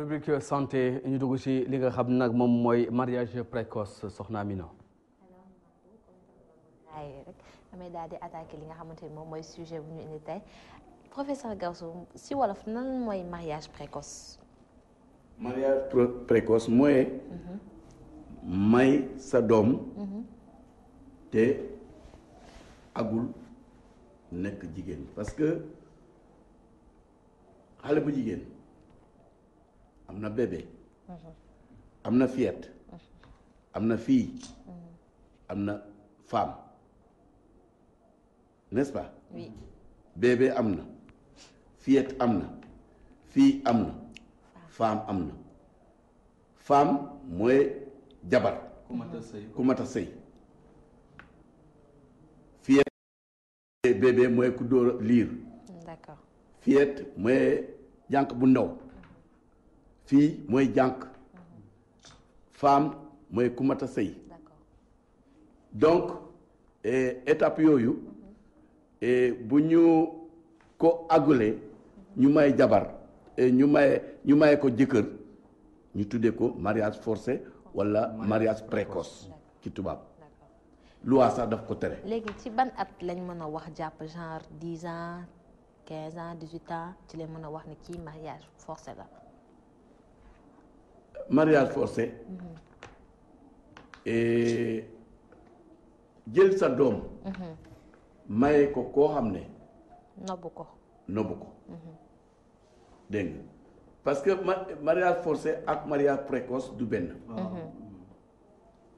rubrique santé ñu dugg ci li nga xam nag moom mooy mariage précoce soxna Amina rek damay daal di li nga xamante ni moom mooy sujet bu ñu indi tey professeur Gaoussou si wolof nan mooy mariage précoce mariage précoce mooy may sa doom te agul nekk jigéen parce que xale bu jigéen am na bébé mhm. am na fillette mhm. am na fii mhm. am na femme n'est-ce pas oui bébé am na fillette am na fille am na femme am na femme mooy jabar ku sëy fillette bébé mooy ku dóor liir d'accord mooy jànq bu ndaw fii mooy jànq femme mooy ku mat a sëy donc eh, étape yooyu eh, bu ñu ko àggulee ñu may jabar eh, ñu may ñu may ko jëkkër ñu tuddee ko mariage force walla mariage précoce ci tubaab loi sax daf ko tere. léegi ci ban at lañ mën a wax jàpp genre dix an quinze ans dix huit ans ci lañ mën a wax ne kii mariage forcé la. mariage forcé jël sa doom maye ko koo xam ne nobbu ko nobbu ko mhm. dégg parce que mariage forcé ak mariage précoce du benn mhm.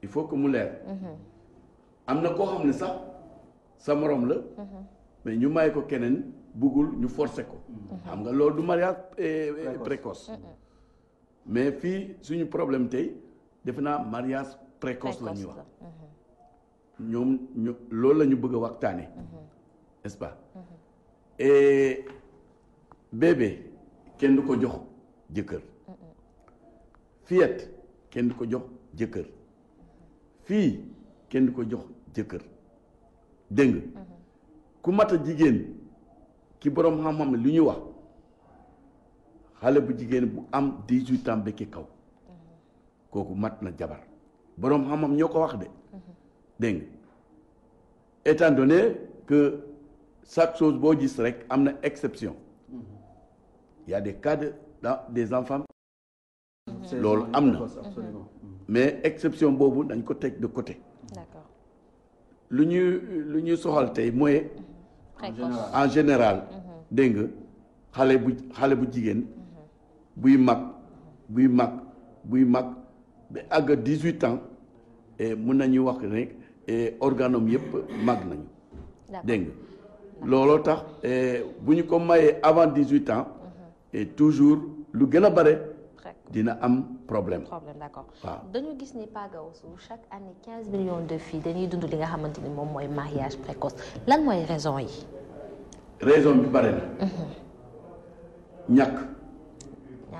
il faut que mu leer mhm. am na koo xam ne sax sa morom la mais ñu maye ko keneen buggul ñu forcé ko xam nga loolu du mariage eh, eh, précoce mais fii suñu problème tey defe naa mariage précoce lañuy ñuy wax mhm. ñoom ñu loolu lañu bëgg a waxtaane mhm. n'est-ce pas mhm. et bébé kenn du ko jox jëkkër fillette kenn du ko jox jëkkër fii kenn du ko jox jëkkër dégg ku mat a jigéen ki borom xam-xam li ñuy wax xale bu jigéen bu am dix-huit ans békki kaw kooku mat na jabar boroom xam ñoo ko wax de dégg nga étant que chaque chose boo gis rek am na exception il y des cas de des enfants loolu am na mm-hmm. mais exception boobu dañ ko teg de côté lu ñuy lu ñuy soxal tey mooy en général mm-hmm. dégg nga xale bu xale bu jigéen buy mag buy mag buy mag ba àgg dix-huit ans eh, mun nañu wax ne eh, organom yëpp mag nañu dégg looloo tax eh, bu ñu ko mayee avant dix-huit ans mhm. toujours lu gën a bare dina am problème problème d'accord waaw dañu gis ni Pagawsu chaque année quinze millions de filles dañuy dund li nga xamante moom mooy mariage précoce lan mooy raison yi raison bi bare na mhm. ñàkk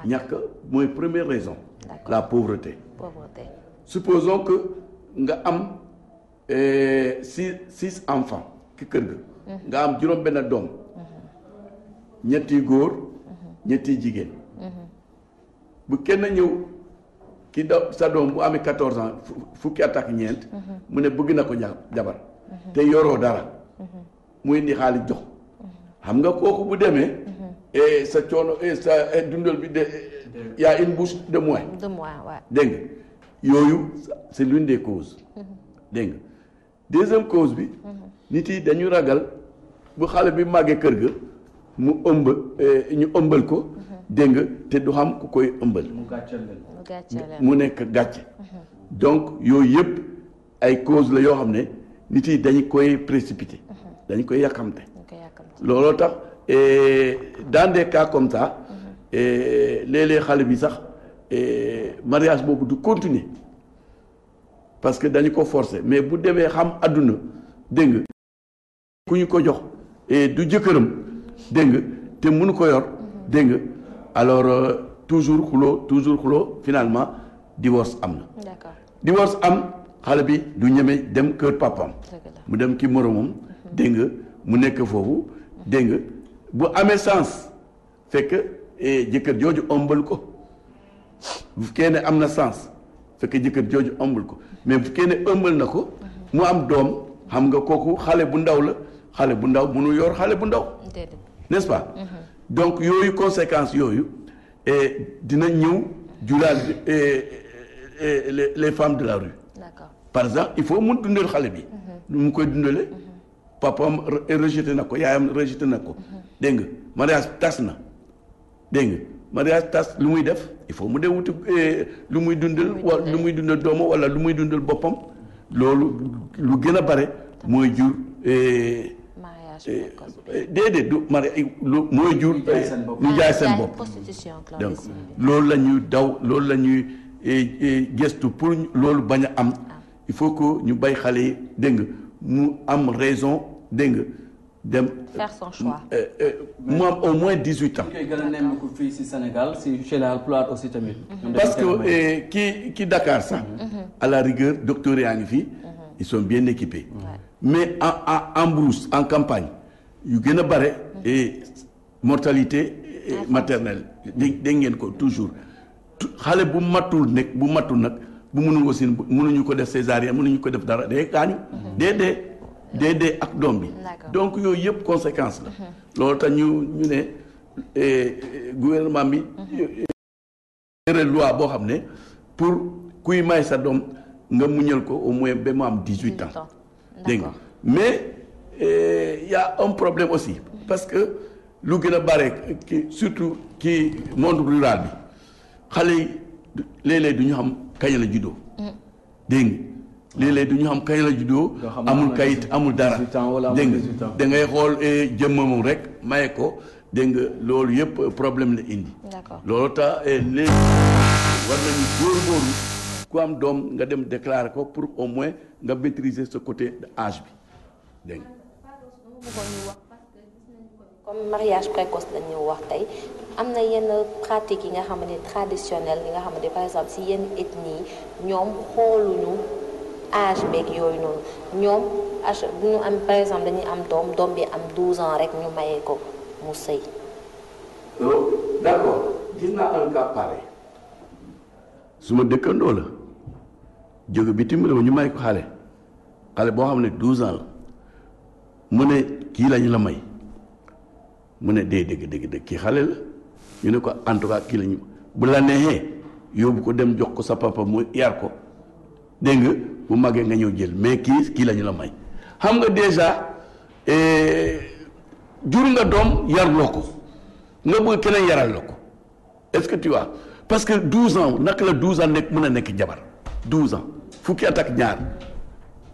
ñàkk mooy première raison la pauvreté pauvreté supposons que nga am eh, six six enfants ki kër ga nga am juróom benn doom ñetti góor ñetti jigéen bu kenn ñëw ki da sa doom bu amee quatorze ans fukki at ñeent mu ne bëgg na ko jabar te yoroo dara muy indi xaalis jox xam nga kooku bu demee et eh, sa coono et eh, sa eh, dundal bi de y a une bouche de moins. de moins waaw dégg yooyu c' est l'une des causes. Mm-hmm. dégg nga deuxième cause bi. Mm-hmm. nit yi dañu ragal bu xale bi màggee kër ga mu ëmb ñu ëmbal ko. Mm-hmm. dégg nga te du xam ku koy ëmbal. mu gàcceel mu nekk gàcce. donc yooyu yëpp ay cause la yoo xam ne nit yi dañu koy précipité. dañu koy yàkkamte looloo tax. et de des cas comme ça mhm. léeg-léeg xale bi sax mariage boobu du continuer parce que dañu ko forcer mais bu demee xam àdduna dégg nga ku ñu ko jox du jëkkëram dégg nga te mënu ko yor mhm. dégg nga alors euh, toujours xuloo toujours xuloo finalement divorce am na. divorce am xale bi du ñeme dem kër papam mu dem ki moromam mhm. dégg nga mu nekk foofu dégg nga bu amee sens fekk e, jëkkër jooju ombal ko bu fekkee ne am na sens fekk jëkkër jooju ombal ko mais bu fekkee ne ëmbal na ko mu am doom xam nga kooku xale bu ndaw la xale bu ndaw mënu yor xale bu ndaw n'est-ce pas mm-hmm. donc yooyu conséquences yooyu e, dina ñëw julaal e, les femmes de la rue par exemple il faut mun dundal xale bi mm-hmm. mu koy dundale mm-hmm. papam rejeté na ko yaayam rejeté na ko dégg nga mariage tas na dégg nga mariage tas lu muy def il faut mu dee wuti eh, lu muy dundal wa lu muy dundal doomam wala lu muy dundal boppam loolu lu gën a bare mooy jur eh, eh, déedéet du mari lu mooy jur ñu jaay seen bopp donc loolu la ñuy daw loolu la ñuy gëstu pour loolu bañ a am ah. il faut que ñu bay xale yi dégg mu am raison dégg nga dem faire son choix. Euh, euh, mu au moins dix huit ans. ñu koy gën fii si Sénégal si chez aussi tamit. Mhm. parce que euh, ki ki Dakar sax. Mhm. Mhm. à la rigueur docteur yaa ngi fii. ils sont bien équipés. mais en en brousse en campagne yu gën a bare. et mortalité maternelle dégg ngeen ko toujours xale bu matul nekk bu matul nag bu mënul aussi mënuñu ko def césarienne mënuñu ko def dara day gaañu. déedéet. day ak doom bi donc yooyu yëpp conséquence la mhm. loolu tax ñu ñu ne eh, gouvernement bi mhm. eh, yore loi boo xam ne pour kuy may sa doom nga muñal ko au moins ba mu am dix-huit ans dégg nga mais il eh, y a problème aussi mhm. parce que lu gën a bare surtout ki monde rural bi xale yi léeg du ñu xam kañ la juddoo dégg léeg-léeg du ñu xam kañ la juddoo. amul kayit amul dara. dégg nga da ngay xool eh, jëmmamam rek maye ko dégg nga loolu yëpp euh, problème la indi. d'accord loolu tax eh, war nañu góorgóorlu ku am doom nga dem déclarer ko pour au moins nga maîtriser sa côté âge bi dégg comme mariage précoce la wax tey am na yenn pratiques yi nga xam ne traditionnelles yi nga xam ne par exemple si yenn ethnie ñoom xooluñu. âge beeg yooyu noonu ñoom âge bu ñu am par exemple dañuy am doom doom bi am 12 ans rek ñu mayee ko mu sëy. su ma dëkkandoo la jóge bitim réew ñu may ko xale xale boo xam ne 12 ans la mu ne kii lañu la may mu ne dee dëgg dëgg dëgg kii xale la ñu ne ko en tout cas kii lañu bu la neexee yóbbu ko dem jox ko sa papa mu yar ko. dégg nga bu màggee nga ñëw jël mais kii kii lañu ñu la may xam nga déjà eh, jur nga doom yarloo ko nga bëgg keneen yaral la ko est-ce que tu vois parce que 12 ans naka la 12 ans nekk mën a nekk jabar 12 ans fukki at ak ñaar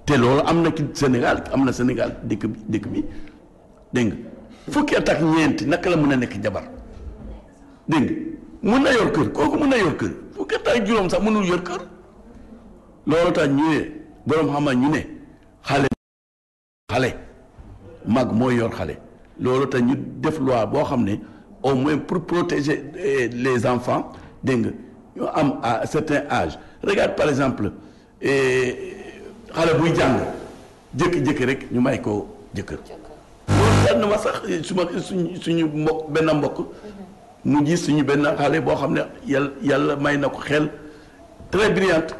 te loolu am na ci Sénégal am na Sénégal dëkk bi dëkk bi dégg nga fukki at ak ñeent naka la mën a nekk jabar dégg nga mën na yor kër kooku mën a yor kër fukki at juróom sax mënul yor kër. loolu tax ñu ne boroom xamal ñu ne xale xale mag moo yor xale loolu tax ñu def loi boo xam ne au moins pour protéger eh, les enfants dégg nga ñu am à certain âge regarde par exemple eh, xale buy jàng jëkki-jëkki rek ñu may ko jëkkër loolu na ma sax suma suñ suñu mbokk benn mbokk mu gis suñu benn xale boo xam ne yàlla yàlla may na ko xel très brillante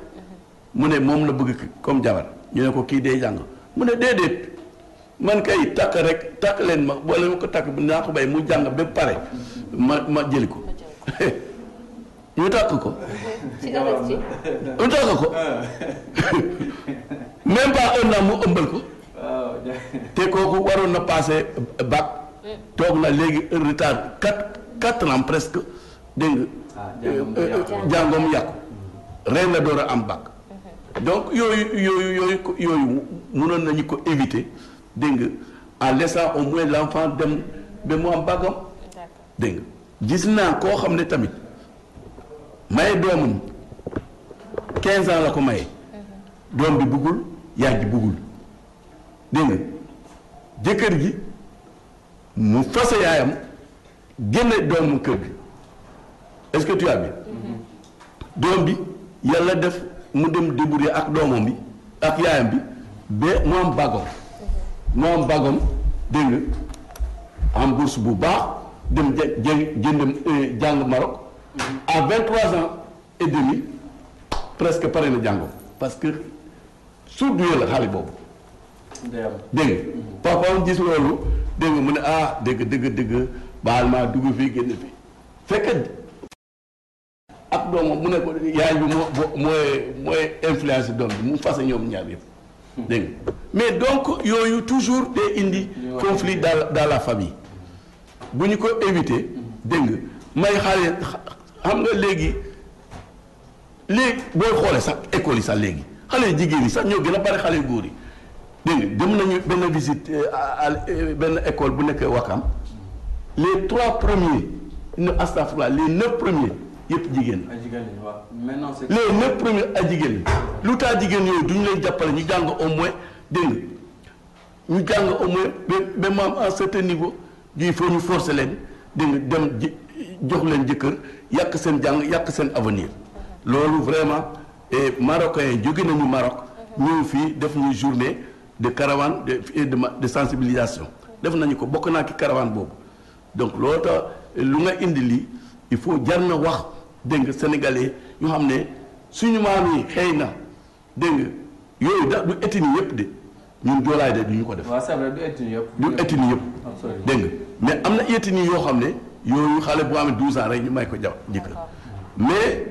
mu ne moom la bëgg comme jabar ñu ne ko kii dee jàng mu ne déedéet man kay takk rek takk leen ma boole ma ko takk naa ko bay mu jàng ba pare ma ma jëli ko ñu takk ko ñu takk ko même pas un mu ëmbal ko te kooku waroon na passé bac mm. toog na léegi un retard quatre quatre ans presque dégg nga ah, jàngoom euh, yàqu mm. ren la door a am bac donc yooyu yooyu yooyu yooyu mënoon nañu ko éviter dégg nga en laissant au moins l' enfant dem ba mu am bàggam. dégg gis naa koo xam ne tamit maye doomam 15 ans la ko maye. Mhm. doom bi buggul yaay buggul dégg nga jëkkër gi mu fase yaayam génne doomu kër bi est-ce que tu as bi mhm. doom bi yàlla def. mu dem débrouiller ak doomam bi ak yaayam bi ba mu am bagom mu am bagom dégg nga am bourse bu baax dem jë jënd euh, jàng Maroc à vingt trois ans et demi presque pare na jàngoo parce que soudure la xale boobu dégg nga papaam gis loolu dégg nga mu ne ah dëgg dëgg dëgg baal maa dugg fii génn fii fekk doomam mu ne ko yaay bi moo mooy mooy influence doom bi mu fase ñoom ñaar yëpp dégg mais donc yooyu toujours day indi conflit daal dans la famille bu ñu ko éviter dégg nga may xale xam nga léegi léegi booy xoolee sax école yi sax léegi xale jigéen yi sax ñoo gën a bari xale góor yi dégg nga dem nañu benn visite euh, benn école bu nekk Wakam les trois premiers ne astafurlah les neuf premiers yépp jigéen les neuf premiers ay jigéen lu tax jigéen yooyu du ñu leen jàppale ñu jàng au moins dégg ñu jàng au moins ba ba am à certain niveau il foo ñu forcer leen dégg dem jox leen jëkkër yàq seen jàng yàq seen avenir loolu vraiment et marocains yi jóge nañu Maroc ñëw fii def ñu journée de caravane de de sensibilisation def nañu ko bokk naa ci caravane boobu donc loolu tax lu nga indi lii il faut jar na wax dégg nga sénégalais ñu xam ne suñu maam yi xëy na dégg nga yooyu da du ethnie yëpp de ñun joolaay de du ñu ko def. waaw c'est vrai du ethnie yëpp. du ethnie yëpp. dégg nga mais am na ethnie yoo xam ne yooyu xale bu amee 12 ans rek ñu may ko jaw jëkkër mais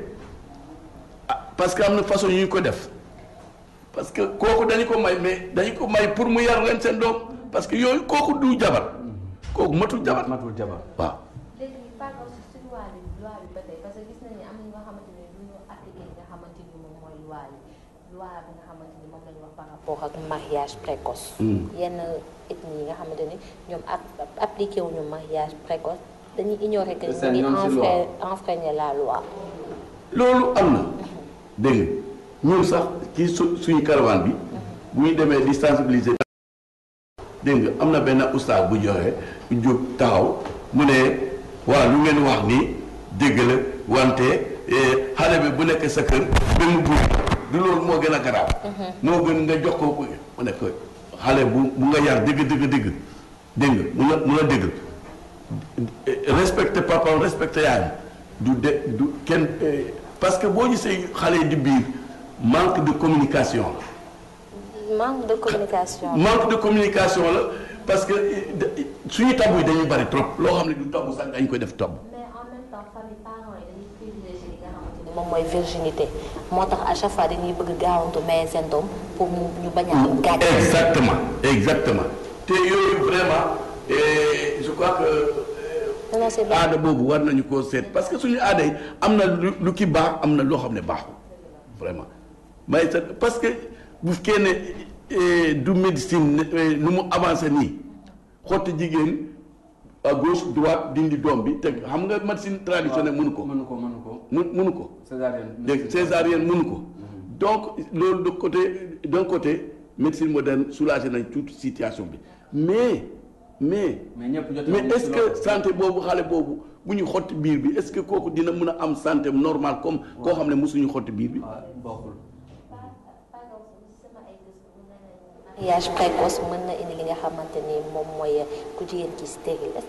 ah, parce que am na façon yu ñu ko def parce que kooku dañu ko may mais dañu ko may pour mu yar leen seen doom parce que yooyu kooku du jabar kooku matul jabar matul jabar waaw. rapport ak mariage précoce. Mm. yenn ethnie yi nga xamante ni ñoom appliqué wu ñu mariage précoce dañuy ignorer que ñu ngi enfreigner loolu am na. Mm-hmm. dégg ñun sax ci su suñu caravane bi. Mm-hmm. bu ñu demee di sensibiliser. dégg am na benn oustaz bu joxe jóg taxaw mu ne waaw lu ngeen wax ni dégg la wante eh, xale bi bu nekk sa kër benn buur. du loolu moo gën a garaaw. moo gën nga jox ko mu nekk xale bu bu nga yar dégg dégg dégg dégg mu mun a mun a dégg respecté papaam respecté yaayam du de du kenn parce que boo gisee xale di biir manque de communication la. manque de communication. manque de communication la parce que suñu tabu yi dañu bari trop loo xam ne du tabu sax dañ koy def tabu. moom mooy virginité moo tax à chaque fois dañuy bëgg gaawantu maye seen doom pour mu ñu bañ a exactement exactement te yooyu vraiment et eh, je crois que. Eh, aada boobu war nañu ko seet parce que suñu aada yi am na lu lu ki baax am na loo xam ne baaxul vraiment may sa parce que bu fekkee ne eh, du médecine nu mu avancé nii xotti jigéen à gauche droite dindi doom bi te xam nga médecine traditionnelle munu ko. mënu ko mënu ko mënu ko. césarienne dégg césarienne ko. Mm-hmm. donc loolu de côté d'un côté médecine moderne soulagé nañ toute situation bi mais. mais mais est-ce que santé boobu xale boobu bu ñu xotti biir bi est-ce que kooku dina mun a am santé normal comme koo xam ne mosuñu xotti biir bi. Ah, mariage précoce mën na indi li nga xamante ku jigéen ki stérile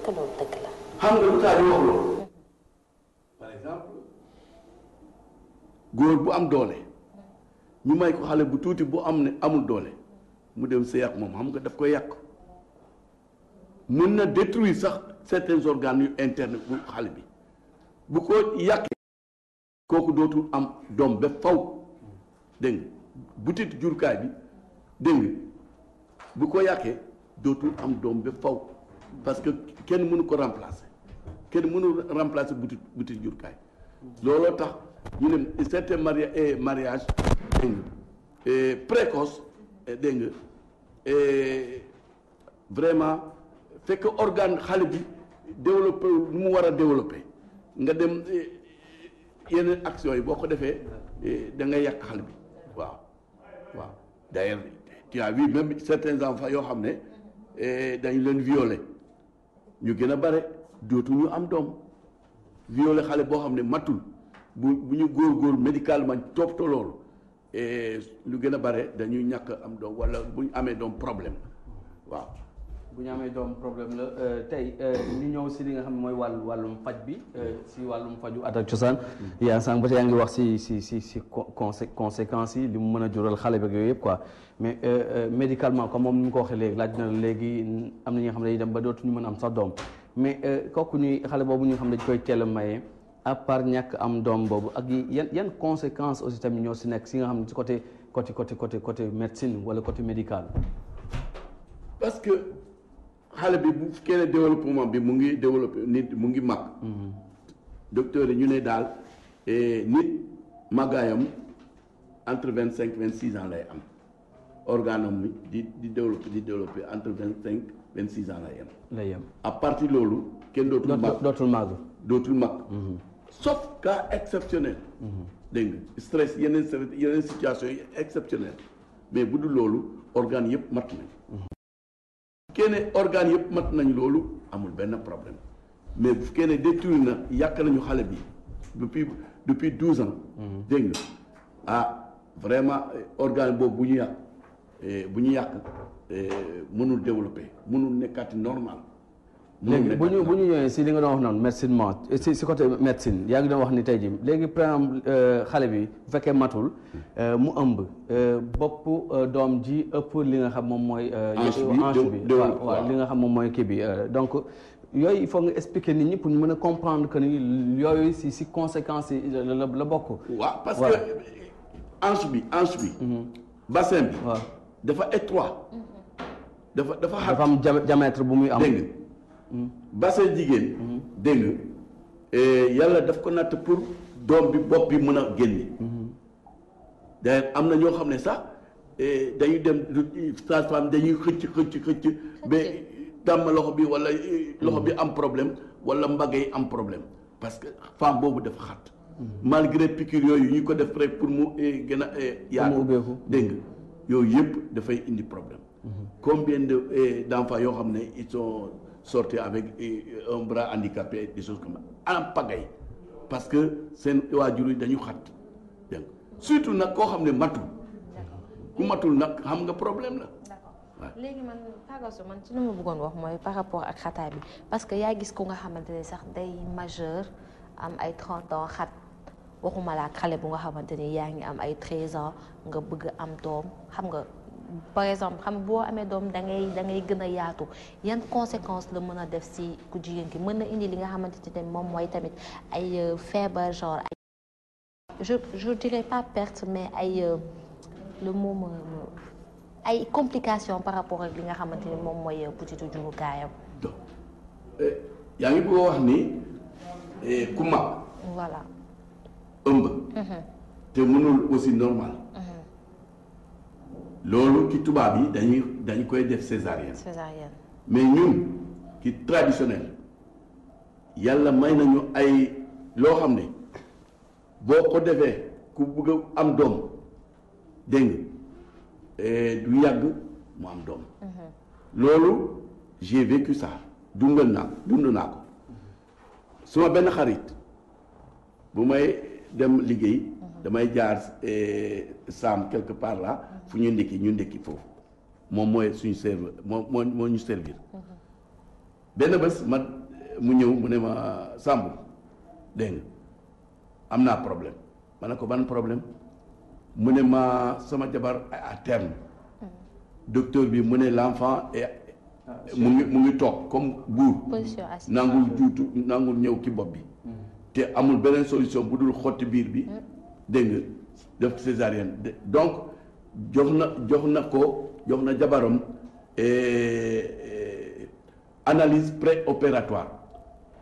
góor bu am doole ñu may ko xale bu tuuti bu am ne amul doole mu dem sa yàq moom xam nga daf koy yàq mën na détruire sax certains organes yu internet bu xale bi bu ko yàq kooku dootul am doom ba faw dégg nga butit jurkaay bi dégg nga bu ko yàqee dootu am doom ba faw parce que kenn mënu ko remplacer kenn mënu remplacer butit butit jurkaay looloo tax ñu ne certains eh, mariages mariage dégg précoce dégg nga et eh, eh, vraiment fekk organe xale bi développé lu mu war a développé nga dem yeneen actions yi boo ko defee da ngay yàq xale bi waaw waaw tu as vu même certains enfants yoo xam ne eh, dañ leen violé ñu gën a bare ñu am doom violé xale boo xam ne matul bu bu ñu góor-góor médicalement toppatoo loolu eh, lu gën a bare dañuy ñàkk am doom walla bu ñu amee doom problème waaw bu ñu amee doom problème la euh, tey euh, ñu ñëw si li nga xam ne mooy wàllu wàllum faj bi euh, si wàllum faju aada ak cosaan mm-hmm. yaa sànq ba tey ngi wax si si si si conséquences yi li mu mën a jural xale beeg yooyu yëpp quoi mais médicalement comme moom ni mu ko waxee léegi laaj na léegi am na ñi xam ne dañuy dem ba dootuñu mën am sax doom mais kooku ñuy xale boobu ñu xam ne dañ koy teel a maye à part ñàkk am doom boobu ak yan yan conséquences aussi tamit ñoo si nekk si nga xam ne si côté côté côté côté côté médecine wala côté médical xale bi bu fekkee ne développement bi mu ngi développé nit mu ngi mag. Mm-hmm. docteur yi ñu ne daal eh, nit màggaayam entre vingt cinq vingt six ans lay am organe am di di développé di développé entre vingt cinq vingt six ans lay yem. lay yem à parti loolu. kenn dootul mag dootul mag dootul mag. Mm-hmm. sauf cas exceptionnel. Mm-hmm. dégg nga stress yeneen yeneen situation yi exceptionnel mais bu du loolu organe yëpp mat nañ. fekkee ne organes yëpp mat nañ loolu amul benn problème mais bu fekkee ne détruire na yàq nañu xale bi depuis depuis douze ans. Mhm. dégg nga ah vraiment organe boobu bu ñu yàq eh, bu ñu yàq eh, mënul développer mënul nekkaati normal. léegi bu ñu bu ñu ñëwee si li nga doon wax noonu médecine moo si si côté médecine yaa ngi doon wax ni tey jii léegi par euh, xale bi bu fekkee matul euh, mu ëmb euh, bopp doom ji ëpp li nga xam moom mooy. hanche bi waaw li nga xam moom mooy kii bi donc. yooyu il faut nga expliquer nit ñi pour ñu mën a comprendre que ni yooyu si si conséquences yi la la bokk. waa parce bi hanche bi. Mhm. bassin bi. dafa étroit. Mhm. dafa am diamètre bu muy am ba sa jigéen. dégg nga eh, yàlla daf ko natt pour doom bi bopp bi mën a génne d'ailleurs am na ñoo xam ne sax eh, dañuy dem sage-femme dañuy xëcc xëcc xëcc ba tàmm loxo bi wala eh, loxo bi am problème wala mbagg yi am problème parce que femme boobu dafa xat. malgré piqûre yooyu ñu ko def rek pour mu gën a yaatu dégg yooyu yëpp dafay indi problème mm-hmm. combien de d'enfants yoo xam ne ils sont sorti avec euh, un bras handicapé des choses comme ça en pagaille parce que seen waajur yi dañu xat dégg surtout nag koo xam ne matul ku matul nag xam nga problème la léegi man pagasu man ci lu ma bëggoon wax mooy par rapport ak xataa bi parce que yaa gis ku nga xamante ne sax day majeur am ay 30 ans xat waxuma xale bu nga xamante ni yaa ngi am ay 13 ans nga bëgg am doom xam nga par exemple xam boo amee doom da ngay da gën a yaatu yan conséquence la mën a def si ku jigéen ki mën na indi li nga xamante ne moom mooy tamit ay euh, feebar genre ay je je dirais pas perte mais ay euh, le mot me ay complications par rapport ak li nga xamante ni moom mooy butitu euh, jurukaayam. yaa ngi bëgg wax ni ku voilà ëmb. Mm-hmm. te mënul aussi normal. Mm-hmm. loolu ci tubaab yi dañuy dañ koy def césarienne. césarienne mais ñun ci traditionnel yàlla may nañu ay loo xam ne boo ko defee ku bëgg am doom dégg eh, du yàgg mu am doom. Mm-hmm. loolu j'ai vécu ça dundal naa dund naa ko suma benn xarit bu may dem liggéey mm-hmm. damay jaar eh, saam quelque part là. Mm-hmm. fu ñu ndékki ñu ndékki foofu moom mooy suñu serveur moom moo moo ñu servir benn bés man mu ñëw mu ne ma Samb dégg naa problème ma ko ban problème mu ne ma sama jabar à terme docteur bi mu ne l'enfant et mu ngi mu ngi toog comme buur nangul juutu nangul ñëw ci bopp bi te amul beneen solution bu dul xotti biir bi mm. dégg def césarienne donc jox na jox na ko jox na jabaram eh, eh, analyse préopératoire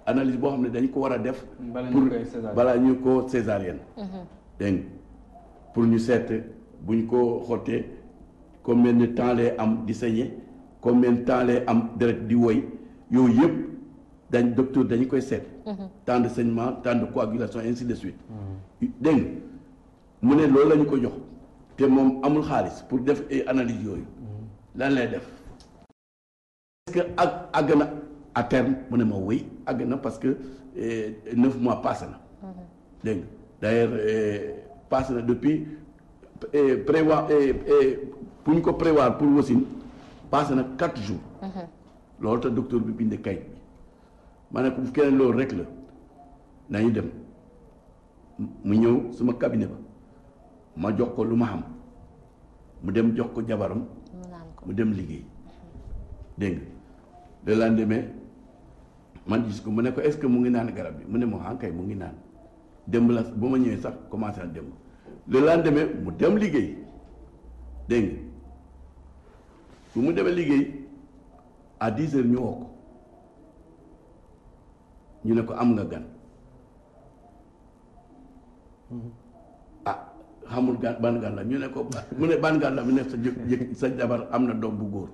analyse boo xam ne dañ ko war a def. pour balaa ñu ko césarienne. Mhm. dégg pour ñu seet bu ñu ko xottee combien de temps lay am di saigner combien de temps lay am deret di woy yow yëpp dañ docteur dañu koy seet. Mhm. temps de saignement temps de coagulation ainsi de suite. Mhm. dégg mu ne loolu la ko jox. te moom amul xaalis pour def ay analyse yooyu lan lay def est-ce ak àgg na à mu ne ma wéy àgg na parce que eh, neuf mois passé na mm-hmm. dégg nga d'ailleurs eh, na depuis eh, prévoir pour ñu ko prévoir pour wasin passé na quatre jours mm-hmm. loolu te docteur bi bind kayit bi ma ne bu keneen loolu rek la nañu dem mu ñëw suma cabinet ba ma jox ko lu ma xam mu dem jox ko jabaram mu dem liggéey dégg nga le lendemain man gis ko mu ne ko est-ce que mu ngi naan garab bi mu ne ma ah mu ngi naan démb la ba ma ñëwee sax commencé na démb le lendemain mu dem liggéey dégg nga bu mu demee liggéey à dix heures ñu woo ko ñu ne ko am nga gan. Mm-hmm. xamul gan ban la ñu ne ko mu ne ban gan la mu ne sa jëkk sa jabar am na doom bu góor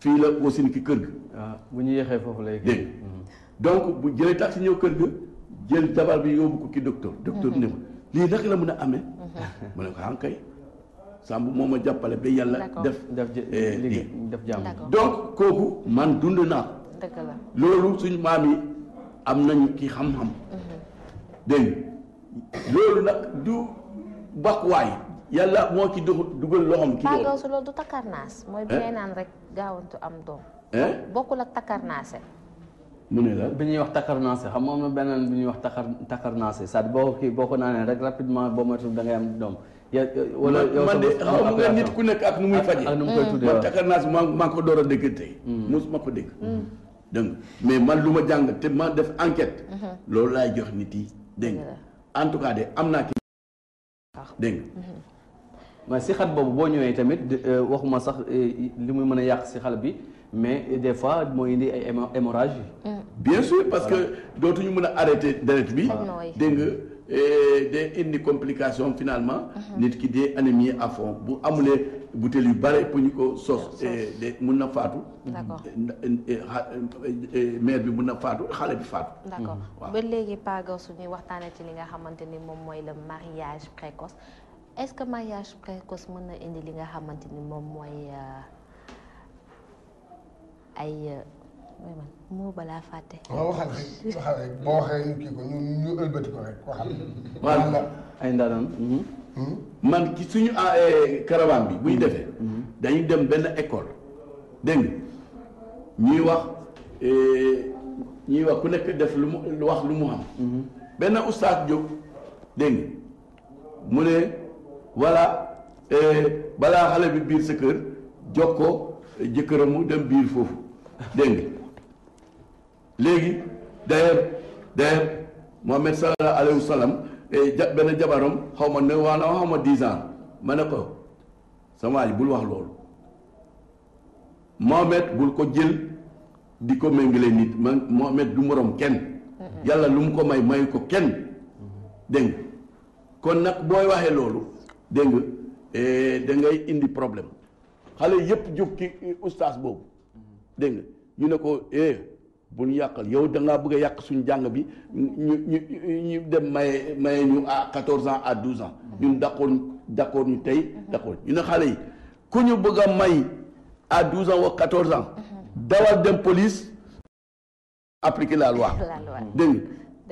fii la wasin ki kër ga waaw ah, ñu yeexee foofu lay dégg hmm. donc bu jëlee taxi ñëw kër ga jël jabar bi yóbbu ko ki docteur docteur ne ma hmm. lii naka la mën a amee mu hmm. ne ko xam ah, kay sàmb moo ma jàppale ba yàlla def def eh, jàmm donc kooku man dund naa loolu suñu maam yi am nañu ki xam-xam dégg loolu nag du bakkuwaay yàlla moo ci dugal loxoom. ci loolu su loolu du takkarnaas. mooy bi eh? ngay naan rek gaawantu am doom. Eh? bokkul ak takkarnaase. mu ne la bi ñuy wax takkarnaase xam nga am na beneen bi wax takkar takkarnaase cest à boo kii boo ko naanee rek rapidement boo moytuwul da ngay am doom. ya wala man de xam nga nit ku nekk ak nu muy fajee. ak nu mu koy mm. tuddee man takkarnaase maa maa ko door a dégg tey. Mm. mosuma ko dégg. Mm. dégg mais man lu ma jàng te ma def enquête. Mm-hmm. loolu laay jox nit yi dégg en tout cas de am naa ki dégg nga waaye si xat boobu boo ñëwee tamit euh, waxuma sax euh, li muy mën a yàq si xal bi mais des fois moo indi ay hémorragie yi mm. bien sûr parce que dootuñu mën a arrêté deret bi dégg nga day indi complication finalement mm-hmm. nit ki dee anémie à fond bu amulee butéel yu bare pour ñu ko sos eh, mun na faatu eh, eh, maire bi mun na faatu xale bi faatu d'accord mm-hmm. ba léegi paga suñuy waxtaanee ci li nga xamante ni moom mooy le mariage précoce est-ce que mariage précoce mën na indi li nga xamante ni moom mooy euh, ay euh, moo balaa fàtte. waaw waxee ñu kii ko ñu ñu ëlbati ko rek waxal. ay ndaanaan. Mm-hmm. Hmm? man ci suñu ah, eh, caravane bi bu ñu mm-hmm. defee mm-hmm. dañu dem benn école dégg nga ñuy wax eh, ñuy wax ku nekk def lu mu wax lu mu xam mm-hmm. benn ustaas jóg dégg mu ne voilà eh, balaa xale bi biir sa kër jox ko jëkkëram mu dem biir foofu dégg léegi d'ailleurs d'ailleurs Mohamed sallallahu alayhi wa Eh, ja benn jabaram xaw ma ne waa na xaw ma dix ans ma ne ko sama waay bul wax loolu Mohamed bul ko jël di ko méngale nit man Mohamed du moroom kenn yàlla lu mu ko may mayu ko kenn mm-hmm. dégg kon nag booy waxee loolu dégg eh, da ngay indi problème xale yëpp jóg ci ustaas boobu mm-hmm. dégg ñu ne ko eh bu ñu yàqal yow da ngaa bëgg yàq suñu jàng bi ñu ñu ñu dem maye maye ñu à 14 ans à 12 ans mm-hmm. ñun d' accord d' ñu tey mm-hmm. d' accord ñu ne xale yi ku ñu bëgg a may à 12 ans wa 14 ans mm-hmm. dawal dem police appliquer la loi dégg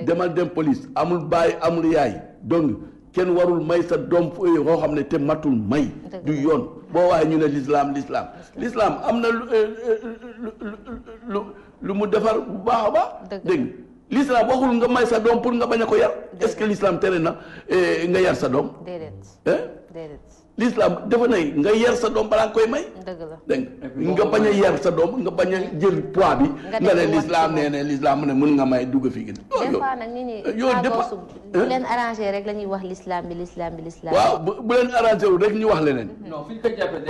demal dem police amul baay amul yaay donc kenn warul may sa doom koo eh, xam ne te matul may du yoon boo waaye ñu ne l'islam l'islam l'islam am na lu eh, eh, lu mu defar bu baax a baax. dëgg l'islam waxul nga may sa doom pour nga bañ a ko yar. est-ce que l'islam tere na eh, nga yar sa doom. déedéet déedéet. l'islam dafa ne nga yar sa doom balaa nga koy may. nga bañ a yar sa doom nga bañ a jël poids bi. nga ne l'islam nee ne ne mën nga may dugg fii. des a nag nit ñi bu wax l'islam bi l'islam bi l'islam. waaw bu leen wax leneen. non fi ñu koy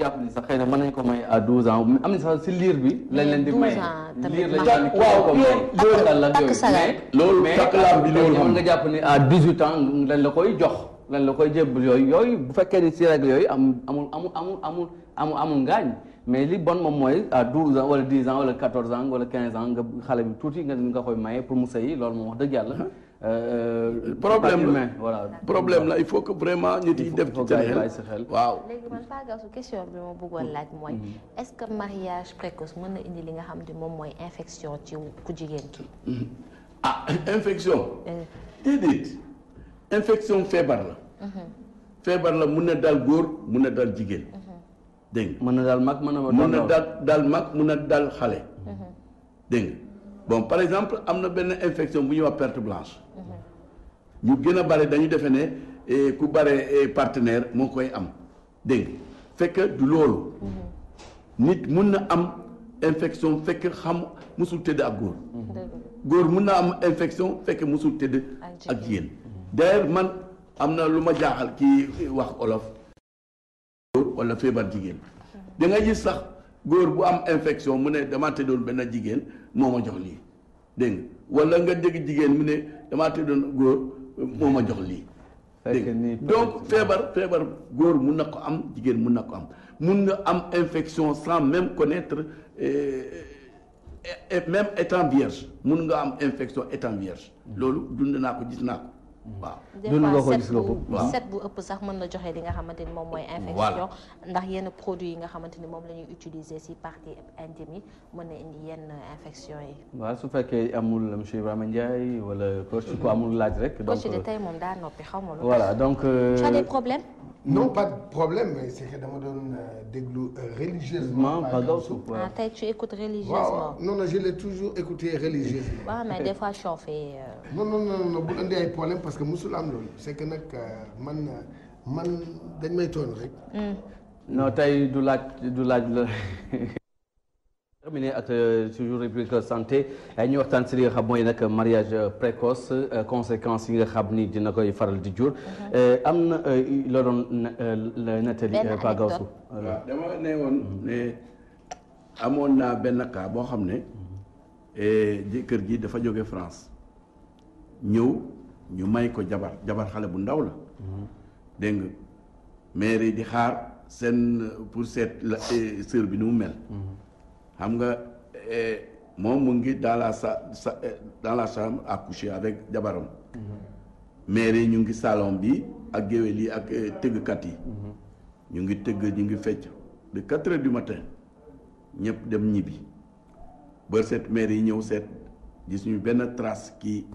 jàpp ni xëy na mën nañu ko may à 12 am na si liir bi. lañ leen di may liir lañ leen di waaw loolu takk laam bi loolu moom nga jàpp ni lañ la koy jox lan la koy jébbal yooyu yooyu bu fekkee ni si règle yooyu amul amul amul amul amul amul amul ngaañ mais li bon moom mooy à douze ans wala dix ans wala quatorze ans wala quinze ans nga xale bi tuuti nga nga koy maye pour mu sëyi loolu moom wax dëgg yàlla uh-huh. euh, problème la voilà problème la il faut que vraiment ñu di def ci sa xel waaw léegi man faagaasu question bi ma bëggoon laaj mooy mm-hmm. est-ce que mariage précoce mën na indi li nga xam ne moom mooy infection ci ku jigéen ki mm-hmm. ah infection euh. déedéet infection feebar la. Uh-huh. feebar la mun na dal góor mun na dal jigéen. Uh-huh. dégg nga mën na dal mag mën na. mën dal dal mag mun na dal xale. Uh-huh. dégg bon par exemple am na benn infection bu ñu wax perte blanche. ñu gën a bare dañu defe ne eh, ku bare eh, partenaire moo koy am dégg nga fekk du loolu. nit mun na am infection fekk xam mosul tëdd ak góor. góor mun na am infection fekk mosul tëdd ak jigéen. d'ailleurs man am na lu ma jaaxal ci wax olof walla feebar jigéen da nga gis sax góor bu am infection mu ne damaa tëddoon benn jigéen moo ma jox lii dégg nga wala nga dégg jigéen mu ne damaa doon góor moo ma jox lii donc feebar feebar góor mun na ko am jigéen mun na ko am mun nga am infection sans même connaître euh, même étant vierge mun nga am infection étant loolu dund naa ko gis naa ko waaw loolu nga set bu ëpp sax mën na joxe li nga xamante ni moom mooy infection ndax yenn produit yi nga xamante ni moom la ñuy utiliser si partie intime yi mën infection yi waaw su fekkee amul monsieur Ibrahima Ndiaye wala coach ku mm-hmm. amul laaj rek donc coach de euh, tey moom daa noppi xaw ma lu voilà donc euh, tu as des problèmes non pas de problème mais c'est que dama doon euh, déglu religieusement Pagaoussou ah tey tu écoutes religieusement waaw non non je l'ai toujours écouté religieusement waaw mais des fois chauffé non non non non bu indi ay problème parce que mosul am loolu c'est que nag euh, man euh, man dañ may toon rek. Mm. noo tey du laaj du laaj la. terminé ak euh, toujours rubrique santé ñu waxtaan si li nga xam nag mariage précoce conséquences yi nga xam ni dina koy faral di jur. Mm-hmm. am na loo doon nettali Pa Gaoussou. dama ne woon mm-hmm. amoon naa benn cas boo xam ne mm-hmm. eh, jëkkër gi dafa jóge France ñëw. ñu may ko jabar jabar xale bu ndaw la dégg nga maire yi di xaar seen pour seet la eh, sœur bi nu mu mel xam nga eh, moom mu ngi dans la sa sa dans la chambre à coucher avec jabaram maire yi ñu ngi salon bi ak géwél yi ak eh, tëggkat yi ñu ngi tëgg ñu ngi fecc de quatre heures du matin ñëpp dem ñibbi ba seet maire yi ñëw seet gis ñu benn trace kii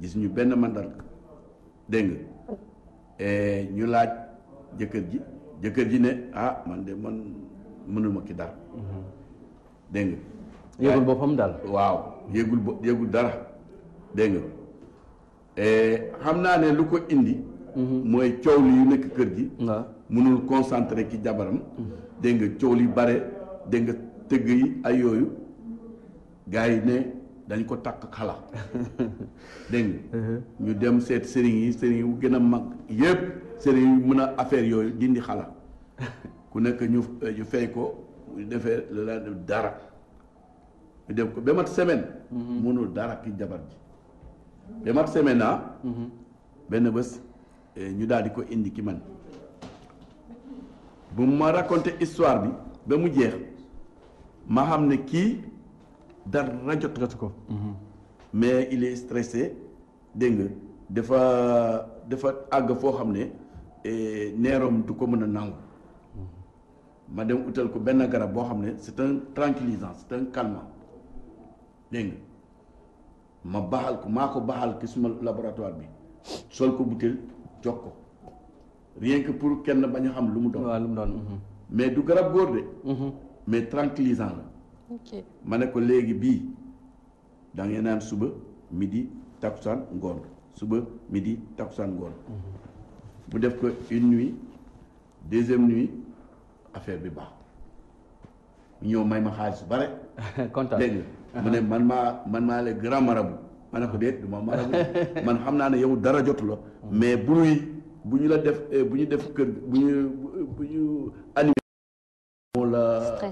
gis ñu benn mandar dégg nga eh, ñu laaj jëkkër ji jëkkër ji ne ah man de man mënuma ki dara mhm. dégg nga yëgul boppam daal waaw yëgul bo yëgul dara dégg nga eh, xam naa ne lu ko indi mhm. mooy coow li yu nekk kër gi mënul concentré ki jabaram mhm. dégg nga coow li bare dégg nga tëgg yi ay yooyu gars yi ne dañ ko takk xala dégg uh-huh. ñu dem seet sëriñ yi sëriñ yu gën a mag yëpp sëriñ yu mën a affaire yooyu dindi xala ku nekk ñu ñu fay ko defee la dara ñu def ko ba mat semaine mënul mm-hmm. dara ki jabar ji ba mat semaine naa ah. mm-hmm. benn bés eh, ñu daal di ko indi ki man bu ma raconté histoire bi ba mu jeex ma xam ne kii dara jotagatu ko. Mm-hmm. mais il est stressé dégg nga dafa dafa àgg foo xam ne eh, neeram du ko mën a nangu. Mm-hmm. ma dem utal ko benn garab boo xam ne c'est un tranquillisant c'est un calmant dégg nga ma baaxal ko maa suma laboratoire bi sol ko butéel jox ko rien que pour kenn bañ a xam lu mu doon. Mm-hmm. mais du garab góor de. mais tranquillisant la. ma ne ko léegi bii da naan suba midi takusaan ngoon suba midi takusaan ngoon mhm. mu def ko une nuit deuxième nuit affaire bi baax ñëw may ma xaalis bare kontaan dégg nga man maa man maa le grand marabout ma ne ko déet du ma marabout man xam naa ne yow dara jotu la mhm. mais bu ñuy bu ñu la def eh, bu ñu def kër bu ñu bu ñu animé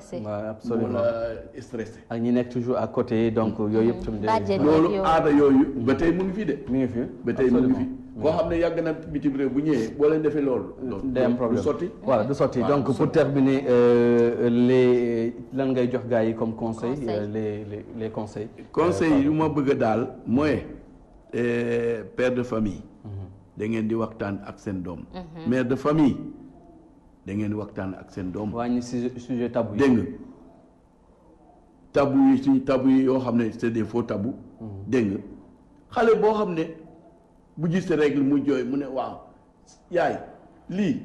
stressé waaw absolument wala stressé ak ñi nekk toujours ak côté donc yooyu yëpp tamit loolu aada yooyu ba tey mu ngi fi de mu ngi fi ba tey mu ngi koo xam ne yàgg na bitim réew bu ñëwee boo leen defee loolu day am problème du sotti voilà du sotti donc pour terminer euh, les lan ngay jox gars yi comme conseil euh, les les les conseils conseils euh, yu ma bëgg a daal mooy père de famille mhm. dangeen di waxtaan ak seen doom mhm. mère de famille da ngeen waxtaan ak seen doom. wàññi sujet tabou yi dégg nga tabou yi suñu tabou yi yoo xam ne c'est des faux tabou. Mm-hmm. xale boo xam ne bu gis règle mu jooy mu ne waaw yaay lii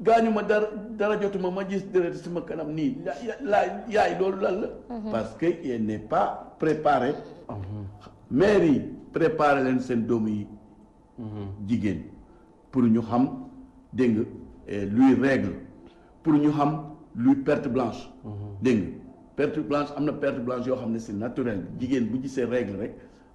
gaañu ma dara dara jotuma ma gis deret sama kanam nii la yaay loolu lan la. Mm-hmm. parce que il n'est pas préparé. Mm-hmm. mère préparé leen seen doom yi. jigéen pour ñu xam. dégg nga luy règle pour ñu xam luy perte blanche. Mm-hmm. dégg nga perte blanche am na perte blanche yoo xam ne si naturel jigéen bu gisee règle rek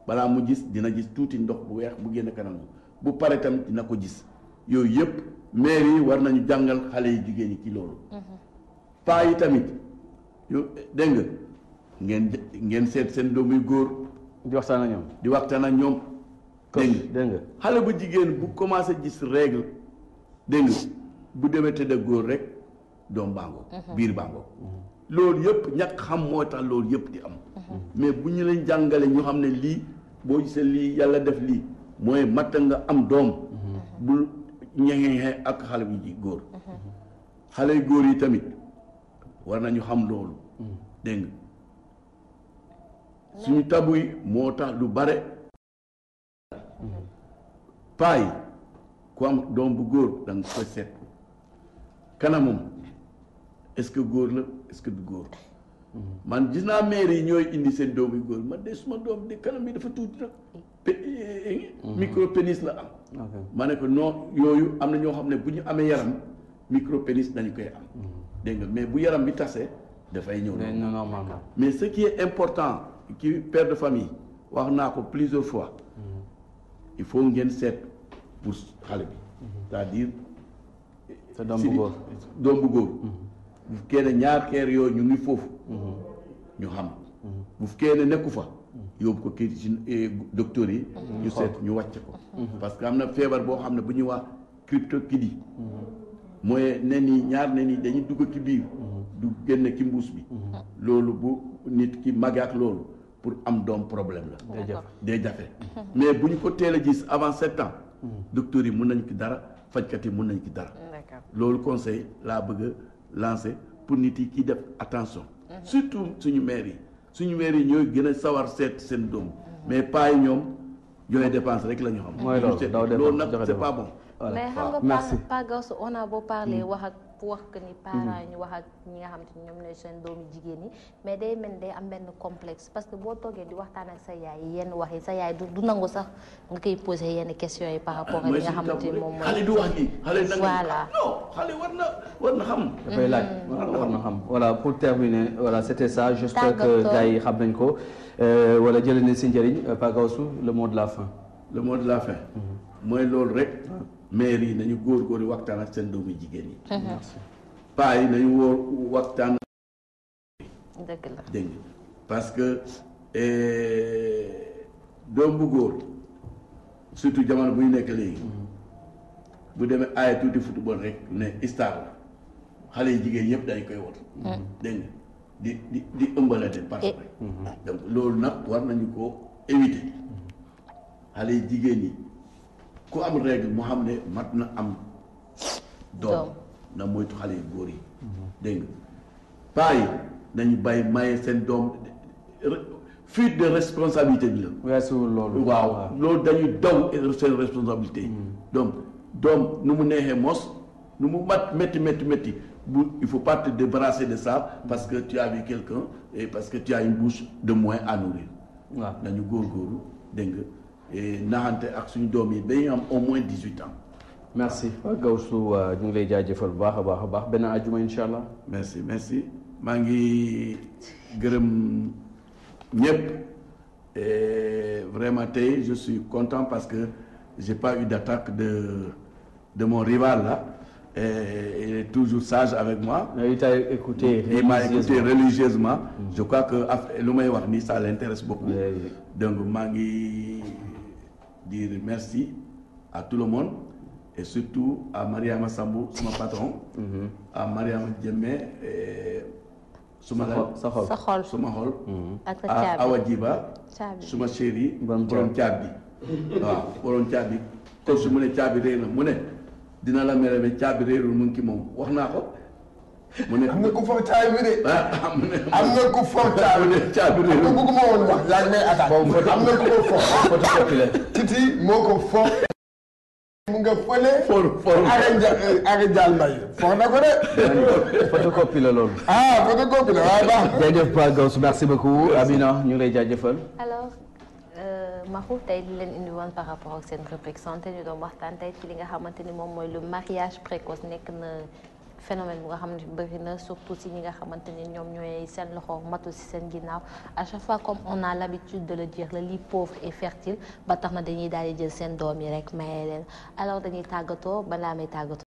balaa mu gis dina gis tuuti ndox bu weex bu génn kanam bu pare tam dina ko gis yooyu yëpp maire yi war nañu jàngal xale yi jigéen yi ci loolu. Mm-hmm. paa yi tamit yow dégg nga ngeen ngeen seet seen doom yu góor. di waxtaan a ñoom di waxtaan ak ñoom. xale bu jigéen bu commencé gis règle. dégg bu demee tëdd góor rek doom bàngo mhm. biir bàngo loolu yëpp ñàkk xam moo tax loolu yëpp di am mhm. mais bu ñu leen jàngale ñu xam ne lii boo gisee lii yàlla def lii mooy matt nga am doom mhm. bul ñeŋeexee ak xale bu ji góor xale yu góor yi tamit war nañu xam loolu dégg nga suñu tabu yi moo tax lu bare paay ku am doom bu góor da koy seet kanamam est-ce que góor la est-ce que du góor man gis naa maire yi ñooy indi seen doom yu góor man de suma doom de kanam bi dafa tuuti nag eh, eh, eh, mhm. micro pénis la am ma ne ko yooyu am na ñoo xam ne bu ñu amee yaram micro pénis koy mhm. dégg nga mais bu yaram bi tasee dafay ñëw mais ce qui est important ki père de famille wax naa ko plusieurs fois mhm. il faut ngeen seet pour xale bi c'est-à-dire sa doom bu góor bu góor mhm. bu ne ñaar xeer yooyu ñu ngi foofu mhm. ñu xam bu fekkee ne nekku fa mhm. yóbbu ko kii ci eh, docteur yi ñu seet ñu wàcc ko parce que am na feebar boo xam ne bu ñuy wax crypto kidi mooy ne yi ñaar nen yi dañuy dugg ci biir du génn ki mbuus bi loolu bu nit ki màgg ak loolu pour am doom problème la day jafe mais bu ñu ko teel a avant sept ans docteurs yi mun nañ ci dara fajkat yi mun nañ ci dara. loolu conseil laa bëgg a lancer pour nit yi kii def attention. Mhm. surtout suñu maire yi suñu maire yi ñooy gën a sawar seet seen doom mhm. mais pas yi ñoom joxe dépense rek la ñu xam. loolu nag c'est pas bon. mais xam nga Pa Pa Gawsu on a beau mm. wax pour que ni parents mm-hmm. ñu wax ak nga xamante ni ñoom ñooy seen doomu jigéen yi mais day mel day am benn complexe parce que boo toogee di waxtaan ak sa yaay yenn wax yi sa yaay du nangu sax nga koy poser yenn questions yi par rapport ak li nga xamante ni moom mooy xale xam dafay laaj mm-hmm. war na xam voilà pour terminer voilà c'était ça xam nañ ko wala euh, jëlee nañ si njëriñ euh, Pagaosu le mot de la fin le mot de la fin mm-hmm. mooy loolu rek maire yi nañu góor-góor yi waxtaan ak seen doomu jigéen yi paa yi nañu wóor waxtaan dëgg la parce que eh, doom bu góor surtout jamono bu nekk léegi mm-hmm. bu demee aaya tuuti football rek ne star la xale yi jigéen yëpp dañ koy wot mm-hmm. dégg di di di parce eh. mm-hmm. que loolu nag war nañu ko éviter xale yi jigéen yi ku am règle mu xam ne mat na am doom na moytu xale yu góor yi dégg nga paa yi nañu bàyyi maye seen doom fuite de responsabilité bi la waaw loolu dañuy daw seen responsabilité yi donc doom nu mu neexee mos nu mu mat métti métti métti bu il faut pas te débarrasser de ça parce que tu as vu quelqu'un parce que tu as une de moins ànnu nourrir waa nañu góorgóorlu dégg nga naxante ak suñu doom yi dañuy am au moins dix huit ans. merci ah, Gaoussou ah, ñu ngi lay jaajëfal bu baax a baax a baax benn àjjuma incha allah. merci merci maa ngi gërëm ñëpp et vraiment tey je suis content parce que je pas eu d'attaque de de mon rival là. Et il est toujours sage avec moi. il t'a écouté religieusement. m'a écouté religieusement. Mm. je crois que lu may wax nii ça l'intéresse beaucoup. donc maa ngi dire merci à tout le monde et surtout à Mariama Sambou suma patron. Mm -hmm. à Mariama Diémé suma sa xol sa xol suma xol. Mhm. ak sa caabi à Awa Djiba suma chéri borom caabi waaw caabi kon su mu ne caabi rëy na mu ne. dina la mere ba caabi réerul mu ngi wax naa ko. mu ne am na ku for caabi ah, ah, am na ku for caabi de caabi réerul am na bëgguma woon wax yaa ngi may attaque. am na ku ko for photocopie la. titi moo ko for. mu nga fële. for for arrêté jaal mbay. for na ko de. photocopie la loolu. ah photocopie la merci beaucoup Amina ñu ngi jaajëfal. Euh, Marou tey li leen indi woon par rapport ak seen rubrique santé ñu doon waxtaan tey ci li nga xamante ni moom mooy lu mariage précoce nekk na phénomène bu nga xam ne bëri na surtout si ñi nga xamante ni ñoom ñooy seen loxo matu si seen ginnaaw à chaque fois comme on a l'habitude de le dire la lii pauvre et fertile ba tax na dañuy daal di jël seen doom yi rek maye leen alors dañuy tàggatoo balaa may tàggatoo.